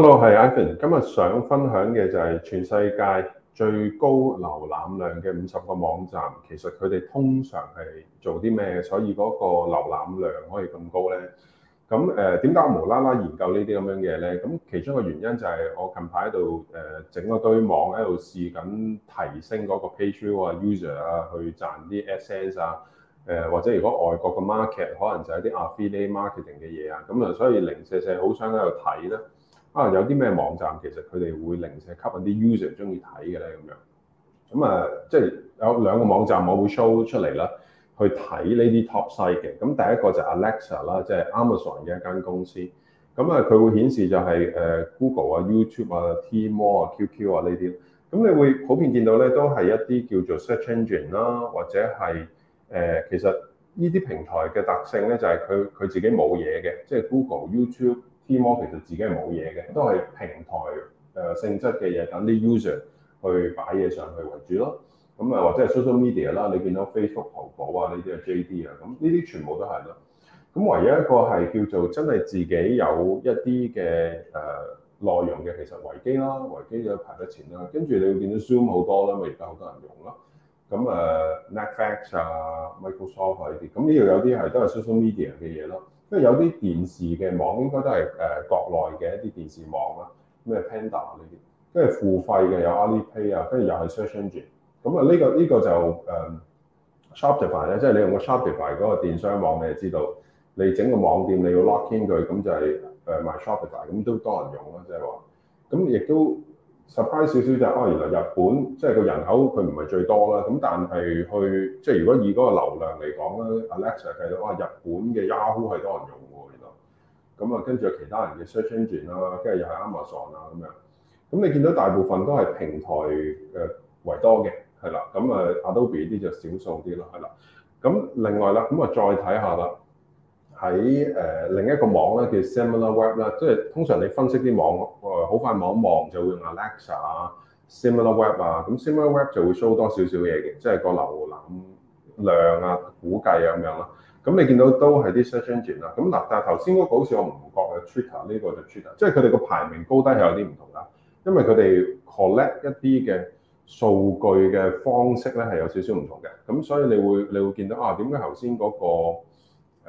Hello，係 Ian，今日想分享嘅就係全世界最高瀏覽量嘅五十個網站，其實佢哋通常係做啲咩，所以嗰個瀏覽量可以咁高咧。咁誒點解我無啦啦研究呢啲咁樣嘅嘢咧？咁其中一個原因就係我近排喺度誒整個堆網喺度試緊提升嗰個 page view 啊、user 啊，去賺啲 AdSense 啊。誒或者如果外國嘅 market 可能就係啲 affiliate marketing 嘅嘢啊，咁啊，所以零舍舍好想喺度睇咧。可能、啊、有啲咩網站其實佢哋會零舍吸引啲 user 中意睇嘅咧咁樣，咁、嗯、啊，即、就、係、是、有兩個網站我會 show 出嚟啦，去睇呢啲 top site 嘅。咁、嗯、第一個就係 Alexa 啦，即、就、係、是、Amazon 嘅一間公司。咁、嗯、啊，佢會顯示就係誒 Google 啊、YouTube 啊、Tmall 啊、QQ 啊呢啲。咁你會普遍見到咧，都係一啲叫做 search engine 啦，或者係誒、呃、其實呢啲平台嘅特性咧，就係佢佢自己冇嘢嘅，即、就、係、是、Google、YouTube。t m 其實自己係冇嘢嘅，都係平台誒、呃、性質嘅嘢，等啲 user 去擺嘢上去為主咯。咁啊，或者係 social media 啦，你見到 Facebook、淘寶啊呢啲啊 J.D. 啊，咁呢啲全部都係咯。咁唯一一個係叫做真係自己有一啲嘅誒內容嘅，其實維基咯，維基都排得前啦。跟住你會見到 Zoom 好多啦，咪而家好多人用咯。咁啊、呃、Netflix 啊、Microsoft 呢、啊、啲，咁呢度有啲係都係 social media 嘅嘢咯。因為有啲電視嘅網應該都係誒國內嘅一啲電視網啊，咩 Panda 呢啲，跟住付費嘅有 Alipay 啊，跟住又係 Search Engine。咁啊呢個呢個就誒 Shopify 咧，即係你用個 Shopify 嗰個電商網，你就知道你整個網店你要 lock in 佢，咁就係誒賣 Shopify，咁都多人用啦，即係話，咁亦都。surprise 少少就係，是，哦、啊，原來日本即係個人口佢唔係最多啦，咁但係去即係如果以嗰個流量嚟講咧，Alexa 計到，哇，啊，日本嘅 Yahoo 係多人用喎，原來，咁啊，跟住其他人嘅 search engine 啦，跟住又係 Amazon 啊。咁樣，咁你見到大部分都係平台嘅為多嘅，係啦，咁啊，Adobe 呢啲就少數啲啦，係啦，咁另外啦，咁啊再睇下啦。喺誒另一個網咧，叫 Similar Web 啦，即係通常你分析啲網好快望一望，就會用 Alexa 啊、Similar Web 啊，咁 Similar Web 就會 show 多少少嘢嘅，即係個瀏覽量啊、估計啊咁樣啦。咁你見到都係啲 search engine 啦。咁嗱，但係頭先嗰個好似我唔覺得啊，Twitter 呢個就 Twitter，即係佢哋個排名高低係有啲唔同啦，因為佢哋 collect 一啲嘅數據嘅方式咧係有少少唔同嘅，咁所以你會你會見到啊，點解頭先嗰個？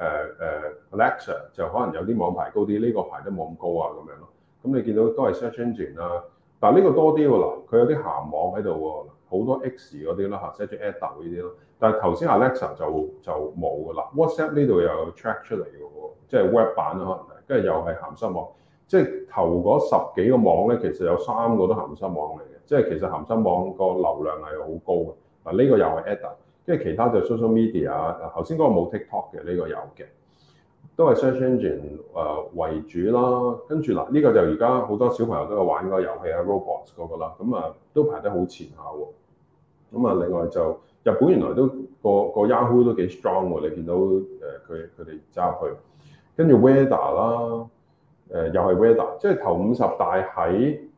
誒誒、uh, Alexa 就可能有啲網牌高啲，呢、這個排得冇咁高啊咁樣咯。咁你見到都係 search engine 啦、啊，但係呢個多啲喎，佢有啲鹹網喺度喎，好多 X 嗰啲啦嚇，search ad 呢啲咯。但係頭先 Alexa 就就冇㗎啦。WhatsApp 呢度又有 track 出嚟嘅喎，即係 web 版、啊、可能，跟住又係鹹濕網。即係頭嗰十幾個網咧，其實有三個都鹹濕網嚟嘅，即係其實鹹濕網個流量係好高嘅。嗱，呢個又係 ad 即係其他就 social media，頭先嗰個冇 TikTok 嘅，呢個有嘅，都係 search engine 誒為主啦。跟住嗱，呢個就而家好多小朋友都有玩嗰個遊戲啊，robots 嗰個啦。咁啊，都排得好前下喎。咁啊，另外就日本原來都個個 Yahoo 都幾 strong 喎。你見到誒佢佢哋揸入去，跟住 Weather 啦，誒又係 Weather，即係頭五十大喺。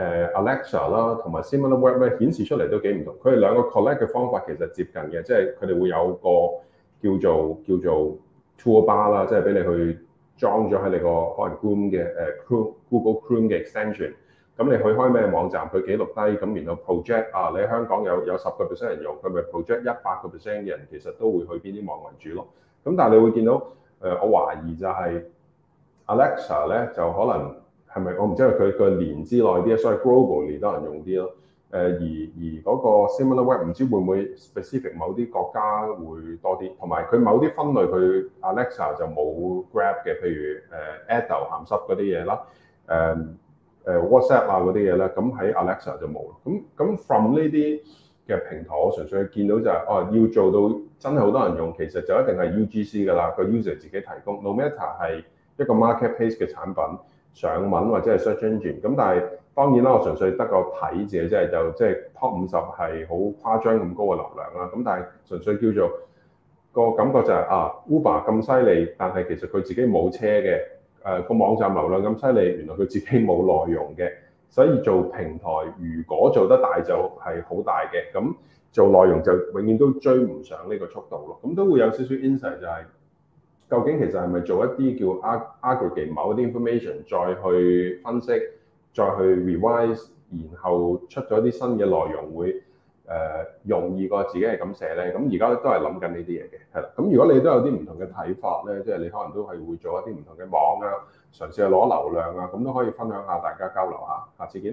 誒 Alexa 啦，同埋 SimilarWeb 咧顯示出嚟都幾唔同。佢哋兩個 collect 嘅方法其實接近嘅，即係佢哋會有個叫做叫做 toolbar 啦，即係俾你去裝咗喺你個可能 Chrome 嘅誒 Google Chrome 嘅 extension。咁你去開咩網站，佢記錄低，咁然後 project 啊，你香港有有十個 percent 人用，佢咪 project 一百個 percent 嘅人其實都會去邊啲網為主咯。咁但係你會見到誒，我懷疑就係 Alexa 咧，就可能。係咪我唔知係佢個年資耐啲啊，所以 global 年多人用啲咯。誒、呃、而而嗰個 similar web 唔知會唔會 specific 某啲國家會多啲，同埋佢某啲分類佢 Alexa 就冇 Grab 嘅，譬如誒 adult 鹹濕嗰啲嘢啦，誒、uh, 誒、uh, uh, WhatsApp 啊嗰啲嘢啦。咁喺 Alexa 就冇。咁咁 from 呢啲嘅平台，我純粹見到就係、是、哦，要做到真係好多人用，其實就一定係 UGC 噶啦，個 user 自己提供。No Meta 係一個 marketplace 嘅產品。上文或者係 search engine 咁，但係當然啦，我純粹得個睇字即係，就即係 top 五十係好誇張咁高嘅流量啦。咁但係純粹叫做個感覺就係、是、啊 Uber 咁犀利，但係其實佢自己冇車嘅，誒、呃、個網站流量咁犀利，原來佢自己冇內容嘅。所以做平台如果做得大就係好大嘅，咁做內容就永遠都追唔上呢個速度咯。咁都會有少少 insight 就係、是。究竟其實係咪做一啲叫 aggregate 某啲 information，再去分析，再去 revise，然後出咗啲新嘅內容會誒、呃、容易過自己係咁寫呢？咁而家都係諗緊呢啲嘢嘅，係啦。咁如果你都有啲唔同嘅睇法呢，即係你可能都係會做一啲唔同嘅網啊，嘗試去攞流量啊，咁都可以分享下，大家交流下，下次見。